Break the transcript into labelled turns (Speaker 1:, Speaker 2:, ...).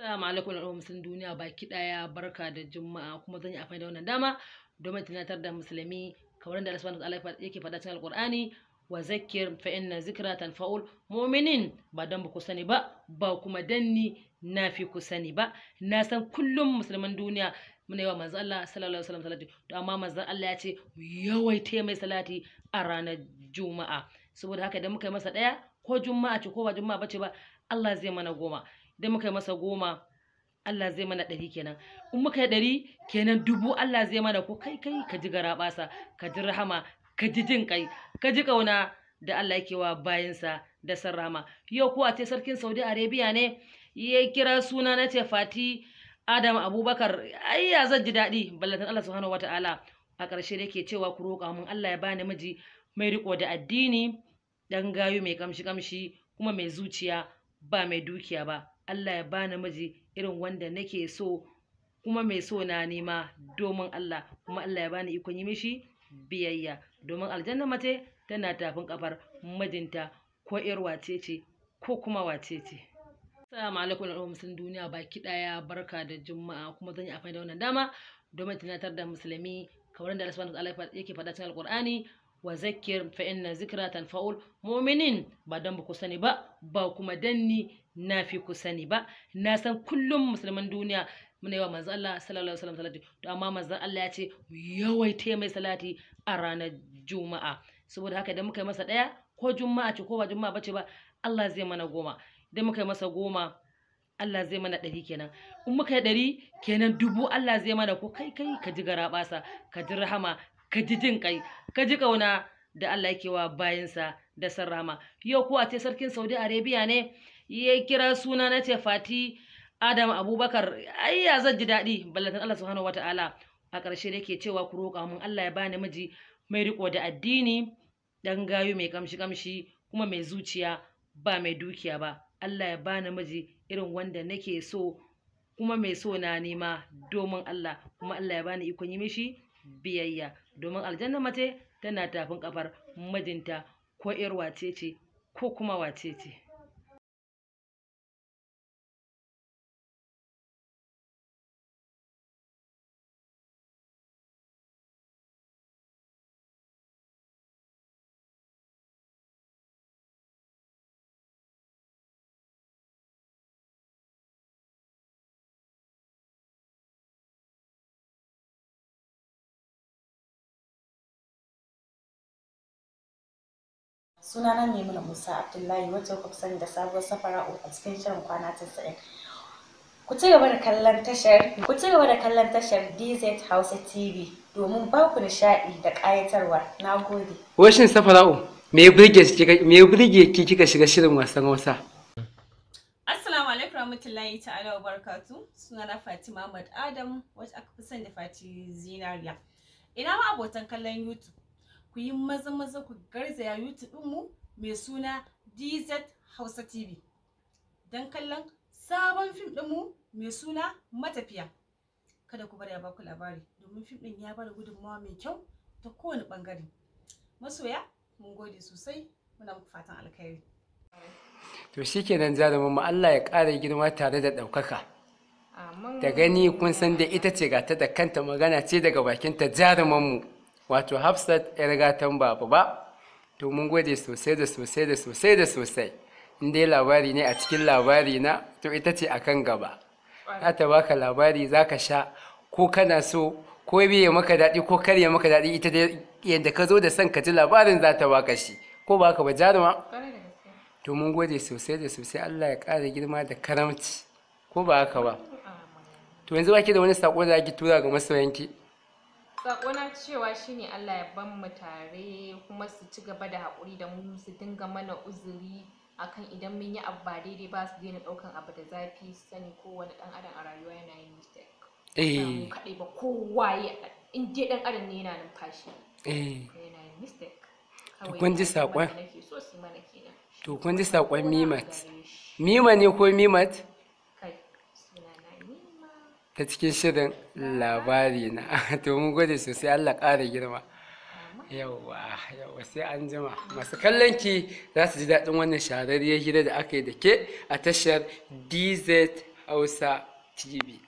Speaker 1: Assalamu alaikum da musulun duniya baki daya barka da juma'a kuma zan yi amfani da wannan dama domin tunatar da musulmi kamar da Allah subhanahu wa yake faɗa cikin Alƙur'ani wa zakir fa inna zikra tanfa'ul mu'minin ba dan ba ku sani ba ba kuma danni na fi ku sani ba na san kullum musulman duniya muna yawa manzo Allah sallallahu alaihi wasallam salati to amma manzo Allah ya ce yawaita mai salati a ranar juma'a saboda haka idan muka yi masa daya ko juma'a ce ko ba juma'a bace ba Allah zai mana goma dai muka yi masa goma Allah zai mana ɗari kenan in muka yi ɗari kenan dubu Allah zai mana ko kai kai ka ji gara basa ka ji rahama ka ji jin kai ka ji ƙauna da Allah yake wa bayansa da sarrama yau ko ce sarkin Saudi Arabia ne ya kira suna na ce Fati Adam Abubakar ai ya zan ji daɗi ballatan Allah subhanahu wataala a ƙarshe da yake cewa ku roƙa mun Allah ya ba namiji mai riƙo da addini ɗan gayu mai kamshi kamshi kuma mai zuciya ba mai dukiya ba Allah ya bani miji irin wanda nake so kuma mai so na nema domin Allah kuma Allah ya bani ikon yi mishi biyayya domin aljanna mace tana tafin kafar mijinta ko ƴar wace ce ko kuma wace ce Assalamu alaikum al'ummar musulun duniya baki daya barka da juma'a kuma zan yi afai da wannan dama domin tunatar da musulmi kamar da Allah subhanahu wa ta'ala yake faɗa cikin alqur'ani wa zakir fa inna zikra tanfa'ul mu'minin ba dan ba ku sani ba ba kuma danni na fi ku sani ba na san kullum musulman duniya muna yi wa manzo Allah sallallahu alaihi wasallam salati to amma manzo Allah ya ce mu yawaita mai salati a ranar juma'a saboda haka idan muka yi masa daya ko juma'a ce ko ba juma'a bace ba Allah zai mana goma idan muka yi masa goma Allah zai mana ɗari kenan in muka yi ɗari kenan dubu Allah zai mana ko kai kai ka ji garaɓasa ka ji rahama ka ji jin kai ka ji kauna da Allah yake wa bayansa da sarrama yau kuwa ce sarkin Saudi Arabia ne ya kira suna na ce Fati Adam Abubakar ai ya zaji ji daɗi ballatan Allah subhanahu wataala a ƙarshe da ke cewa ku roƙa mun Allah ya bani miji mai riko da addini dan gayu mai kamshi kamshi kuma mai zuciya ba mai dukiya ba Allah ya bani miji irin wanda nake so kuma mai so na nema domin Allah kuma Allah ya bani ikon yi mishi biyayya domin aljanna mace tana tafin kafar mijinta ko 'yar wace ce ko kuma wace ce sunana maimuna musa abdullahi wata kuka sani da sabuwar safara'u a cikin shirin kwana tsaye ku ci gaba da kallon tashar ku ci gaba da kallon tashar dz hausa tv domin ba ku nishaɗi da ƙayatarwa na gode
Speaker 2: washin safara'u me ya burge ki kika shiga shirin wasan hausa
Speaker 1: Assalamu alaikum rahmatullahi ta'ala wa barakatu sunana Fatima Ahmad Adam wacce aka fi sani da Fati Zinariya ina ma abotan kallon YouTube ku yi maza maza ku garzaya youtube mu mai suna dz hausa tv don kallon sabon fim ɗinmu mai suna matafiya kada ku bari a baku labari domin fim ɗin ya bada gudunmawa mai kyau ta kowane ɓangare masoya mun gode sosai muna muku fatan alkhairi
Speaker 2: to shikenan jarumin mu Allah ya ƙara girma tare da ɗaukaka da gani kun san da ita ce ga da kanta magana ce daga bakinta jaruman mu wato hafsat ya riga tan baba ba to mun gode sosai da sosai da sosai da sosai in dai labari ne a cikin labari na to ita ce akan gaba Za ta baka labari za ka sha ko kana so ko biye maka daɗi ko karya maka daɗi ita dai yadda ka zo da son ka ji labarin za ta baka shi ko ba ka ba jaruma to mun gode sosai da sosai Allah ya ƙara girma da karamci ko ba haka ba to yanzu ba ki da wani sako da ake tura ga masoyanki
Speaker 1: sakona cewa shine Allah ya ban mu tare kuma su ci gaba da haƙuri da mu su dinga mana uzuri akan idan mun yi abu ba daidai ba su daina ɗaukan abu da zafi su sani kowane ɗan adam a rayuwa yana yin mistake eh kaɗai ba kowa ya in dai ɗan adam ne yana numfashi eh yana yin mistake to kun ji saƙon
Speaker 2: to kun ji saƙon mimat mima ne ko mimat ta cikin shirin labari na to mun gode sosai Allah ƙara girma yawwa yawwa sai an jima masu kallon ki za su ji daɗin wannan shahararriyar hira da aka yi da ke a tashar DZ Hausa TV